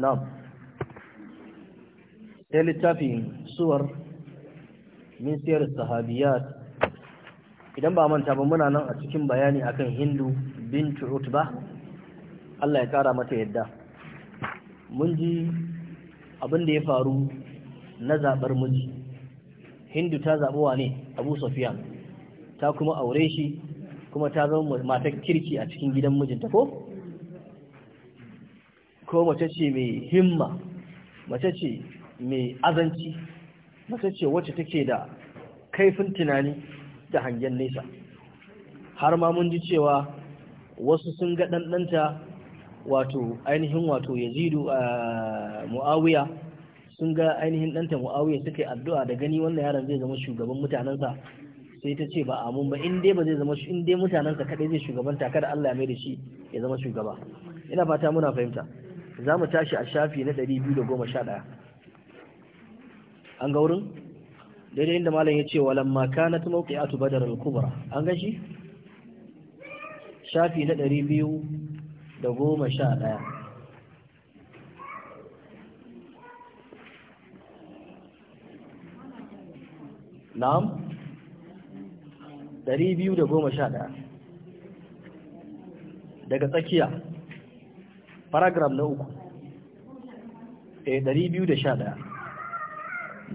na'am sai littafi suwar min siyar sahabiyat idan ba manta ba muna nan a cikin bayani akan hindu bintu ba, Allah ya kara mata yadda mun ji abin da ya faru na zaɓar miji hindu ta zaɓuwa ne abu safiya ta kuma aure shi kuma ta zama matar kirki a cikin gidan mijinta ko ko mace ce mai himma mace ce mai azanci mace ce wacce take da kaifin tunani da hangen nesa har ma mun ji cewa wasu sun ga ɗanɗanta wato ainihin wato yazidu a mu'awiya sun ga ainihin ɗanta mu'awiya suka yi addu'a da gani wannan yaron zai zama shugaban mutanensa sai ta ce ba mun ba in ba zai zama in dai mutanensa kaɗai zai shugabanta kada Allah ya mai da shi ya zama shugaba ina fata muna fahimta za mu tashi a shafi na 211 an ga wurin daidai inda malam ya ce walamma kanat mawqi'atu badar al-kubra an gashi? shafi na 211 na'am 211 daga tsakiya paragraph na uku eh, ɗari biyu da eh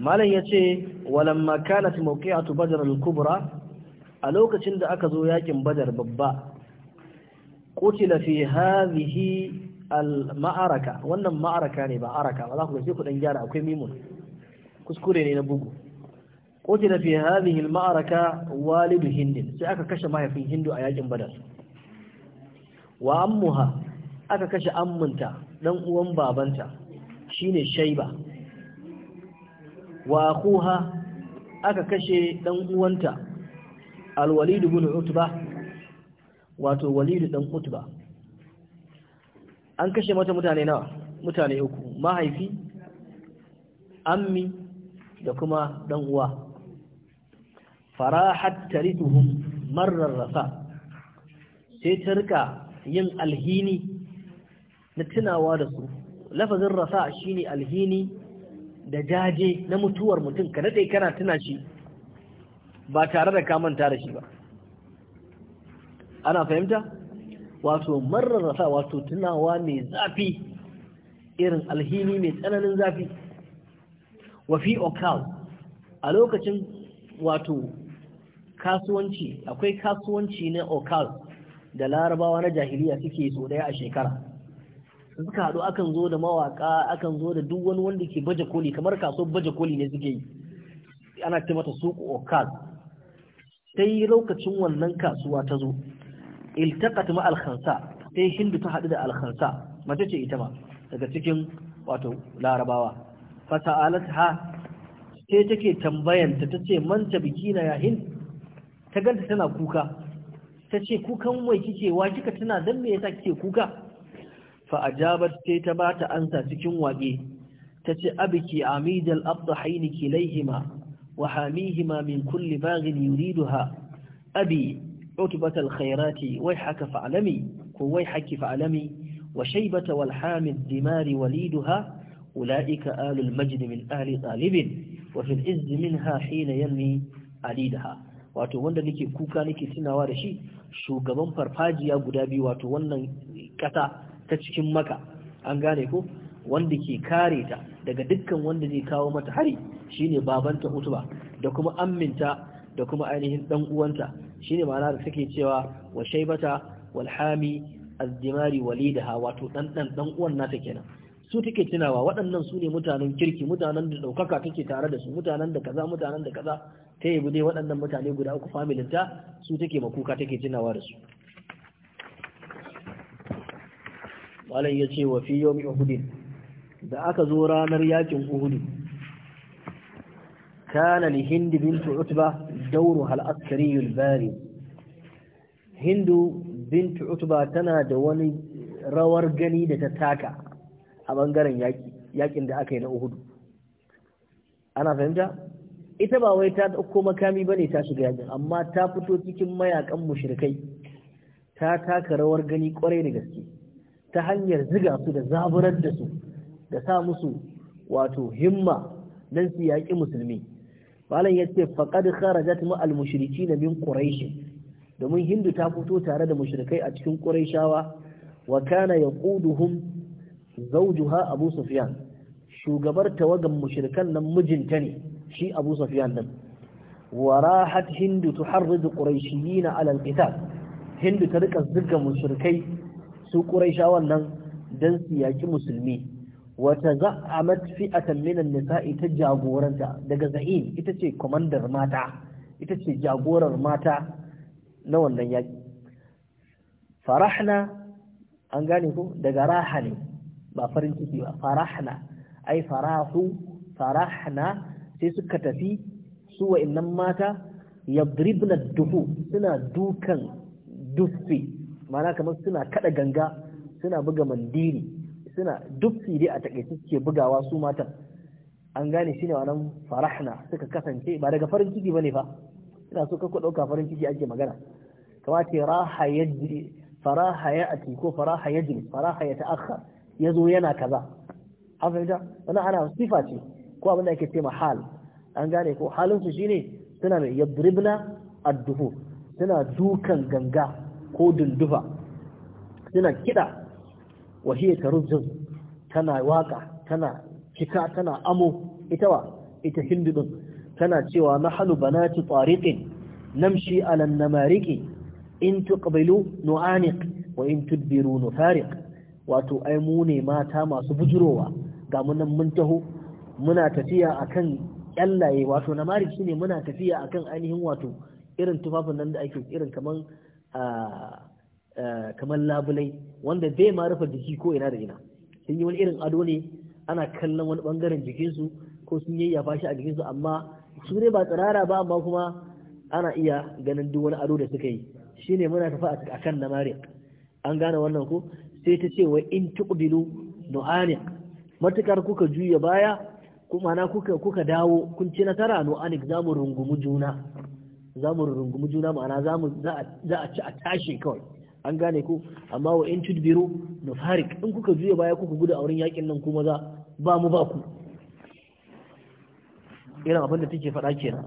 211 malam yace walamma kanat mawqi'atu badr al-kubra a lokacin da aka zo yakin badar babba Kutila fi hadhihi al-ma'araka wannan ma'araka ne ba araka ba za ku ce ku dan gyara akwai mimun kuskure ne na bugu Kutila fi hadhihi al-ma'araka walidu Hindin, sai aka kashe mahaifin hindu a yakin badar wa ammuha aka kashe amminta dan uwan babanta shine shaiba wa akuha aka kashe dan uwanta al-walid ibn wato walid dan utba an kashe mata mutane nawa mutane uku mahaifi ammi da kuma dan uwa farahat tarituhum marar rafa sai tarka yin alhini na tunawa da su lafazin rafa shine alhini da jaje na mutuwar mutum ka daɗe kana tuna shi ba tare da ka manta da shi ba ana fahimta wato marar rafa wato tunawa mai zafi irin alhini mai tsananin zafi wafi okal a lokacin wato kasuwanci akwai kasuwanci na okal da larabawa na jahiliya suke so daya a shekara suka haɗu akan zo da mawaka akan zo da duk wani wanda ke baje koli kamar kaso baje koli ne suke yi ana ce mata suku okaz sai lokacin wannan kasuwa ta zo iltaqat ma al-khansa sai hindu ta haɗu da al-khansa mace ce ita ma daga cikin wato larabawa fasa'alat ha sai take tambayanta tace man ta bikina ya hind ta ganta tana kuka Ta ce kukan wai kike wa kika tana dan me yasa kike kuka fa’ajabar ta ta ba ta an sa cikin wage, ta ce abu ki amijal abu haini ki laihima wa hamihima min kulli bagin yuri duha, abi, ɗauki batal khairati wai haka fa’alami ko wai haki fa’alami wa shai bata wal dimari wali duha, ula’ika alul majini min ɗari ɗalibin, wa fil ha hina yanni ali da Wato, wanda nake kuka nake tunawa da shi, shugaban farfajiya guda biyu, wato, wannan ƙasa ta cikin maka an gane ko wanda ke kare ta daga dukkan wanda zai kawo mata hari shine babanta utuba da kuma amminta da kuma ainihin dan uwanta shine ma'ana da take cewa wa shaybata wal hami az-dimari walidaha wato dan dan dan uwan nata kenan su take tunawa waɗannan su ne mutanen kirki mutanen da ɗaukaka take tare da su mutanen da kaza mutanen da kaza ta yi dai waɗannan mutane guda uku familinta su take makuka take tunawa da su malam ya ce wa fi uhudin da aka zo ranar yakin uhudu kana li hindi bintu utba dauru hal askariyul bari hindu bintu utba tana da wani rawar gani da ta taka a bangaren yakin da aka yi na uhudu ana fahimta ita ba wai ta ɗauko makami ba ne ta shiga yakin amma ta fito cikin mayakan mushrikai ta taka rawar gani kwarai da gaske ta hanyar ziga su da zaburar da su da sa musu wato himma don su yaƙi musulmi malam ya ce faqad kharajat ma al mushrikin min quraish domin hindu ta fito tare da mushrikai a cikin quraishawa wa kana yaquduhum zawjuha abu sufyan shugabar tawagan mushrikan nan mijinta ne shi abu sufyan nan warahat hindu tuharridu quraishiyina ala al hindu ta rika zuga mushrikai su quraishawan wannan dan su yaki musulmi wata za'amat a tamminan nisa'i ta jagoranta daga za'in ita ce kwamandar mata ita ce jagorar mata na wannan yaki farahna an gane ko daga raha ne ba farin ciki ba farahna ai farahu farahna sai suka tafi su wa'annan mata yadribna duhu suna dukan duffi mana kamar suna kada ganga suna buga mandiri suna duk dai a takaice suke bugawa su matan an gane shine wannan farahna suka kasance ba daga farin ciki bane fa ina so ka dauka farin ciki ake magana Kamar ce raha yajri faraha ya'ti ko faraha yajri faraha yata'akhkhar yazo yana kaza an fahimta wannan ana sifa ce ko abin da ake ce mahal an gane ko halin su shine suna mai yadribna ad-duhur suna dukan ganga ko dundufa suna kiɗa ta tarujin tana waka tana cika tana amo ita wa ita hindu tana cewa na nahnu banati tariqin namshi ala namariki in tuqbilu nu'aniq wa in tudbiru nufariq wato ai mu ne mata masu bujurowa ga mun nan mun taho muna tafiya akan kyallaye wato namarik ne muna tafiya akan ainihin wato irin tufafin nan da ake irin kaman kamar labulai wanda bai ma rufe jiki ko ina da ina sun yi wani irin ado ne ana kallon wani bangaren jikinsu ko sun yi yafa shi a jikinsu amma su ne ba tsirara ba amma kuma ana iya ganin duk wani ado da suka yi shine muna tafa a kan mare an gane wannan ko sai ta ce wa in tuqbilu nu'ani matukar kuka juya baya kuma na kuka dawo kun ci nasara nu'aniq zamu rungumi juna za mu rungumi juna ma'ana za a ci a tashi kawai an gane ku amma wa in tudbiru farik in kuka juya baya kuka gudu a wurin yakin nan kuma za ba mu ba ku irin abin da take faɗa kenan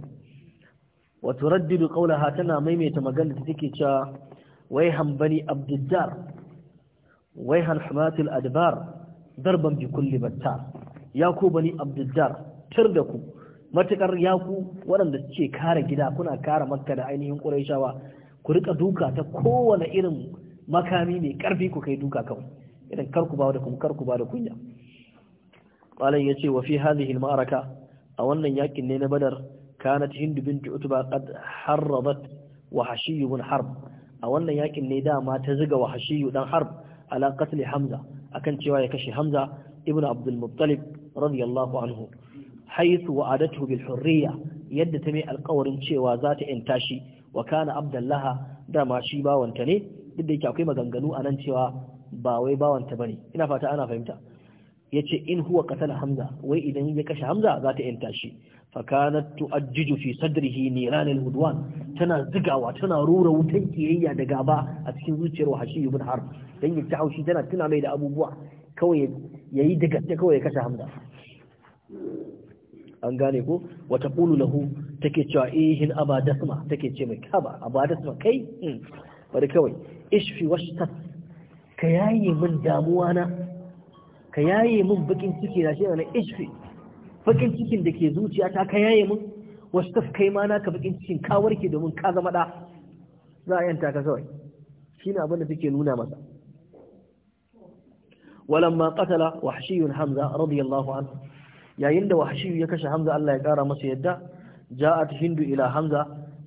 wa turaddidu qawlaha tana maimaita magana da take cewa wai hambani abdiddar wai han hamatul adbar darban bi kulli battar ya ku bani abdiddar tir da ku matukar yaku waɗanda suke kare gida kuna kare makka da ainihin ƙurayshawa ku rika duka ta kowane irin makami mai ƙarfi ku kai duka kawai irin karku ba da kuma karku ba da kunya qalan yace wa fi hadhihi al-ma'araka a wannan yakin ne na badar kanat hind bint utba qad harrabat wa hashiy ibn harb a wannan yakin ne dama ta ziga wa hashiy dan harb ala qatl hamza akan cewa ya kashe hamza ibn abdul muttalib radiyallahu anhu Haisu wa adatu bil hurriya yadda ta mai alƙawarin cewa za ta yanta shi wa kana abdallaha dama shi bawanta ne duk da yake akwai maganganu a nan cewa ba wai bawanta bane ina fata ana fahimta yace in huwa qatala hamza wai idan ya kashe hamza za ta tashi, shi fa kanat tu'ajjiju fi sadrihi niran al-hudwan tana zigawa tana rura wutan kiyayya da gaba a cikin zuciyar wahashi ibn harb dan ya ta'aushi tana tuna mai da abubuwa kawai yayi da kawai ya kashe hamza an gane ko wata ƙulu lahu take cewa ihin eh, abadasma take ce mai kaba abadasma kai hmm. bari kawai ishfi washtat ka yaye min damuwa na ka yaye min bakin ciki na shi ne ishfi bakin cikin da ke ta ka yaye min washtat kai ma na ka bakin cikin ka warke domin ka zama da za a yanta ka kawai shi abin da take nuna masa ولما قتل وحشي حمزة رضي الله عنه yayin da wahashiyu ya kashe hamza Allah ya kara masa yadda ja'at hindu ila hamza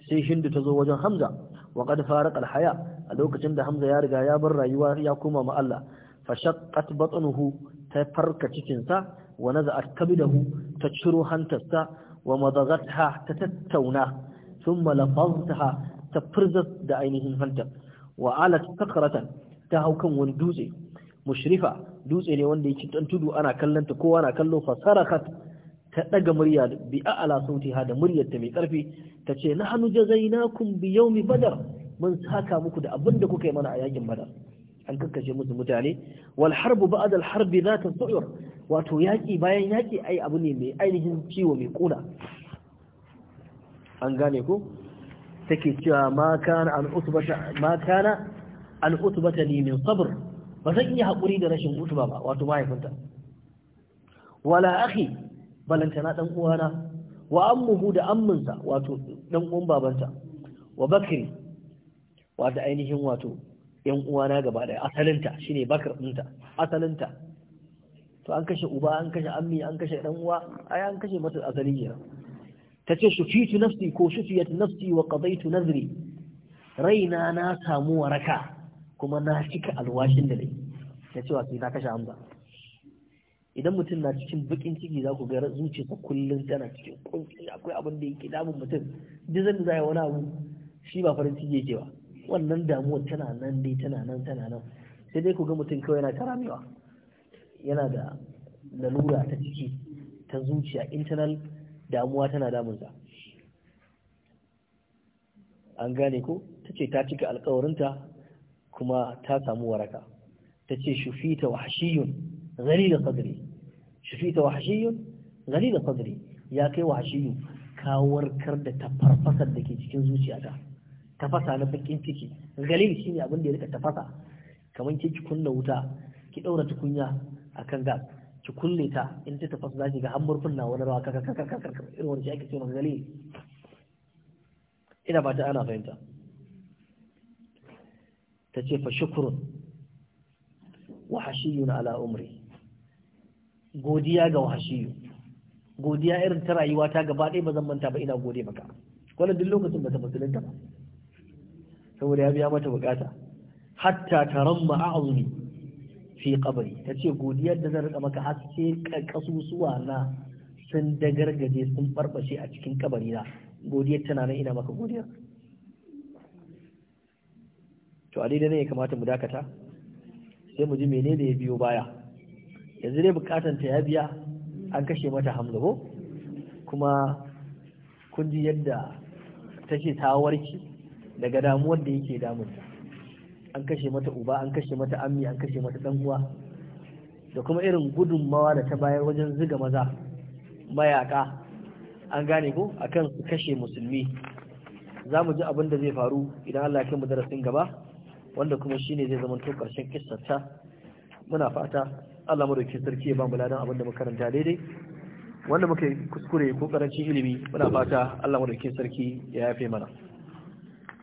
sai hindu ta zo wajen hamza wa qad faraq al haya a lokacin da hamza ya riga ya bar rayuwa ya koma ma Allah fa shaqqat batnuhu ta farka cikin sa wa naza'at kabidahu ta ciro hantarsa wa madagatha ta tattauna thumma lafaztaha ta furzat da ainihin hantar wa alat sakratan ta hau kan wani dutse mushrifa dutse ne wanda yake dan tudu ana kallanta kowa na kallo fasarakat ta daga murya bi a'la sauti ha da muryar ta mai karfi tace nahnu jazainakum bi yawmi badar mun saka muku da abinda da kuka yi mana a yakin badar an kakkashe musu mutane wal harbu ba'da al harbi zata su'ur wato yaki bayan yaki ai abu ne mai ainihin ciwo mai kuna an gane ko take cewa ma kana an utbata ma kana an utbata li min sabr ba zan iya haƙuri da rashin mutu ba wato mahaifinta wala akhi na dan uwana wa ammuhu da amminsa wato dan uwan babanta wa bakri wato ainihin wato yan uwana gaba daya asalinta shine bakar dinta asalinta to an kashe uba an kashe ammi an kashe dan uwa ai an kashe mata asali kenan tace shufitu nafsi ko shufiyat nafsi wa qadaitu nazri raina na samu waraka kuma na cika alwashin da nake na cewa sai na kashe hamza idan mutum na cikin bakin ciki za ku ga zuciyarsa kullum tana cikin kunci akwai abin da yake damun mutum duk zan da wani abu shi ba farin ciki yake ba wannan damuwa tana nan dai tana nan tana nan sai dai ku ga mutum kawai yana karamewa yana da lalura ta ciki ta zuciya internal damuwa tana damunsa an gane ko ta ce ta cika alkawarinta kuma ta samu waraka ta ce shufita wa hashiyun da sadri shufita wa hashiyun da sadri ya kai wa hashiyu ka warkar da tafarfasar da ke cikin zuciyata tafasa na bakin ciki galil shine abin da ya rika tafasa kamar ki kunna wuta ki ɗaura tukunya a kan gas ki kulle ta in ta tafasa za ki ga har murfin wani rawa kaka ana fahimta ta ce fa shukrun wa hashiyun ala umri godiya ga wahashiyu godiya irin ta rayuwa ta gaba ɗaya ba zan manta ba ina gode maka wannan duk lokacin ba ta musulunta ba saboda ya biya mata bukata hatta taramma a'zumi fi qabri tace godiyar da zan rika maka har sai kasusuwa na sun dagargaje sun barbashe a cikin kabari na godiyar tana nan ina maka godiyar to a daidai ne ya kamata mu dakata sai mu ji menene ya biyo baya yanzu dai bukatan ta ya biya an kashe mata hamza ko kuma kun ji yadda ta tawarki ta daga damuwar da yake ta. an kashe mata uba an kashe mata ammi an kashe mata dan uwa da kuma irin gudunmawa da ta bayar wajen ziga maza mayaka an gane ko akan su kashe musulmi za mu ji abin da zai faru idan Allah ya kai mu darasin gaba wanda kuma shine zai zama to karshen kissarta muna fata Allah madaukakin sarki ya ba ladan abin da muka karanta daidai wanda muka kuskure ko karancin ilimi muna fata Allah madaukakin sarki ya yafe mana